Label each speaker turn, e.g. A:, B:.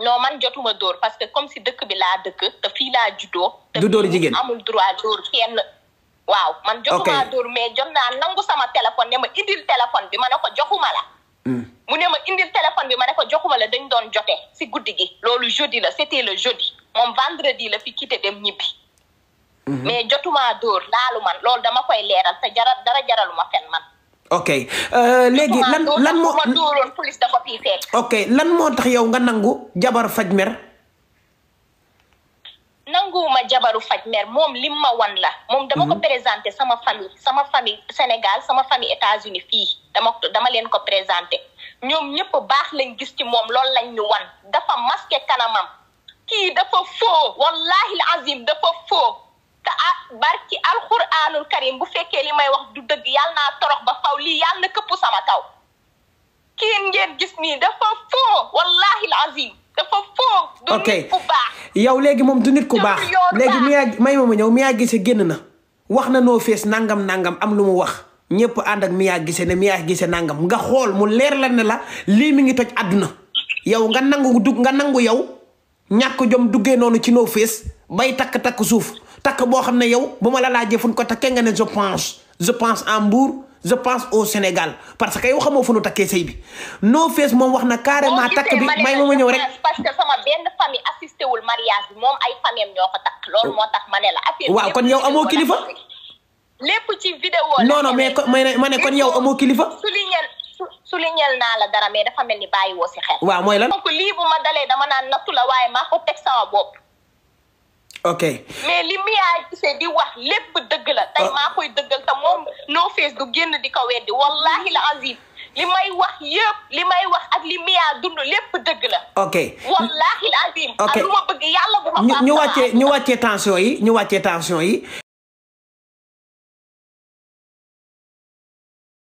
A: non man jotuma dóor parce que comme si dëkk bi laa dëkk te fii laa juddoo. du dóor jigéen amul droit dóor kenn. waaw man jotuma dóor mais jot naa nangu sama téléphone ne ma indil téléphone bi ma ne ko joxuma la. Hmm. mu ne ma indil téléphone bi ma ne ko joxuma la dañ doon jotee si guddi gi. loolu jeudi la c'était le jeudi moom vendredi la fi quitté dem ñibbi. Hmm. mais jotuma dóor laalu man loolu dama koy leeral te dara jaraluma ma fen man.
B: ok euh, léegi lan lan moo ma police da fii fekk ok lan moo tax yow nga nangu jabar faj mer
A: nanguwuma jabaru faj mer moom lim ma wan la moom dama ko mhm. présenté sama famille sama famille Sénégal sama famille États-Unis fii dama dama leen ko présenté ñoom ñëpp baax lañ gis ci moom loolu lañ ñu wan dafa masqué kanamam kii dafa faux wallahi azim dafa faux barki alxuraanul karim bu fekkee li may wax du dëgg yàlla naa torox ba faw lii yàlla na këpp sama kaw kiin ngeen gis nii dafa foo wallahi azim dafa
B: foo du yow léegi moom du nit ku baax léegi miyaa may ma ma ñëw miyaa gise génn na wax na noo fees nangam nangam am lu mu wax ñépp ànd ak miyaa gise ne miyaa gise nangam nga xool mu leer la ne la lii mi ngi toj àdduna yow nga nangu dug nga nangu yow ñàkk jom duggee noonu ci noo fees bay takk takk suuf takk boo xam ne yow bu ma la laajee fu ko takkee nga ne je pense je pense à Mbour je pense au Sénégal parce que yow xamoo fu ñu takkee sëy bi no face moom wax na carrément takk bi may ma ñëw rek.
A: parce que sama benn wul mariage bi moom ay famille am ñoo loolu moo tax ma ne la. affaire waaw kon yow amoo kilifa. lépp ci vidéo la. non non mais ma ne kon yow amoo kilifa. su li ñel naa la dara mais dafa mel ni bàyyi woo xel. waaw mooy lan. donc lii bu ma dalee dama naan nattu la waaye maa ko teg sama bopp. ok mais li Mia Guissé wax lépp dëgg la tey ah. maa koy dëggal te moom No Face du génn di ko di wallahi la azim li may wax yëpp li may wax ak li Mia dund lépp dëgg la. ok wallahi la azim. ok ñu wàccee
B: ñu wàccee tension yi ñu wàccee tension yi.